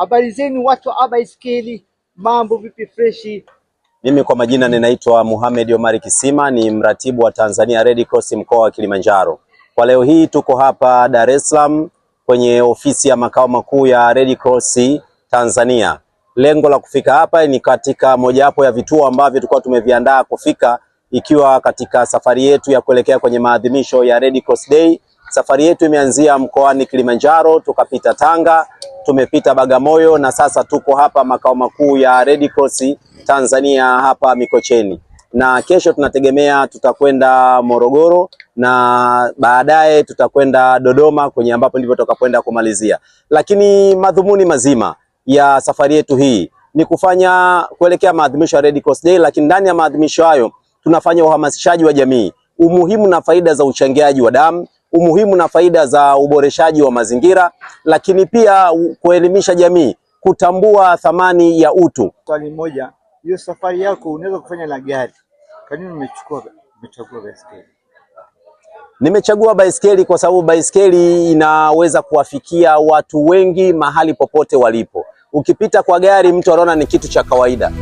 Habari zenu watu wa Aba mambo vipi? Freshi. Mimi kwa majina ninaitwa Mohamed Omari Kisima, ni mratibu wa Tanzania Red Cross mkoa wa Kilimanjaro. Kwa leo hii tuko hapa Dar es Salaam kwenye ofisi ya makao makuu ya Red Cross Tanzania. Lengo la kufika hapa ni katika mojawapo ya vituo ambavyo tulikuwa tumeviandaa kufika, ikiwa katika safari yetu ya kuelekea kwenye maadhimisho ya Red Cross Day. Safari yetu imeanzia mkoani Kilimanjaro, tukapita Tanga tumepita Bagamoyo na sasa tuko hapa makao makuu ya Red Cross Tanzania hapa Mikocheni, na kesho tunategemea tutakwenda Morogoro na baadaye tutakwenda Dodoma kwenye ambapo ndivyo tutakapoenda kumalizia. Lakini madhumuni mazima ya safari yetu hii ni kufanya kuelekea maadhimisho ya Red Cross Day, lakini ndani ya maadhimisho hayo tunafanya uhamasishaji wa jamii, umuhimu na faida za uchangiaji wa damu umuhimu na faida za uboreshaji wa mazingira, lakini pia kuelimisha jamii kutambua thamani ya utu. Swali moja, hiyo safari yako unaweza kufanya na gari, kwa nini umechukua umechagua baiskeli? Nimechagua baiskeli kwa sababu baiskeli inaweza kuwafikia watu wengi mahali popote walipo. Ukipita kwa gari, mtu anaona ni kitu cha kawaida.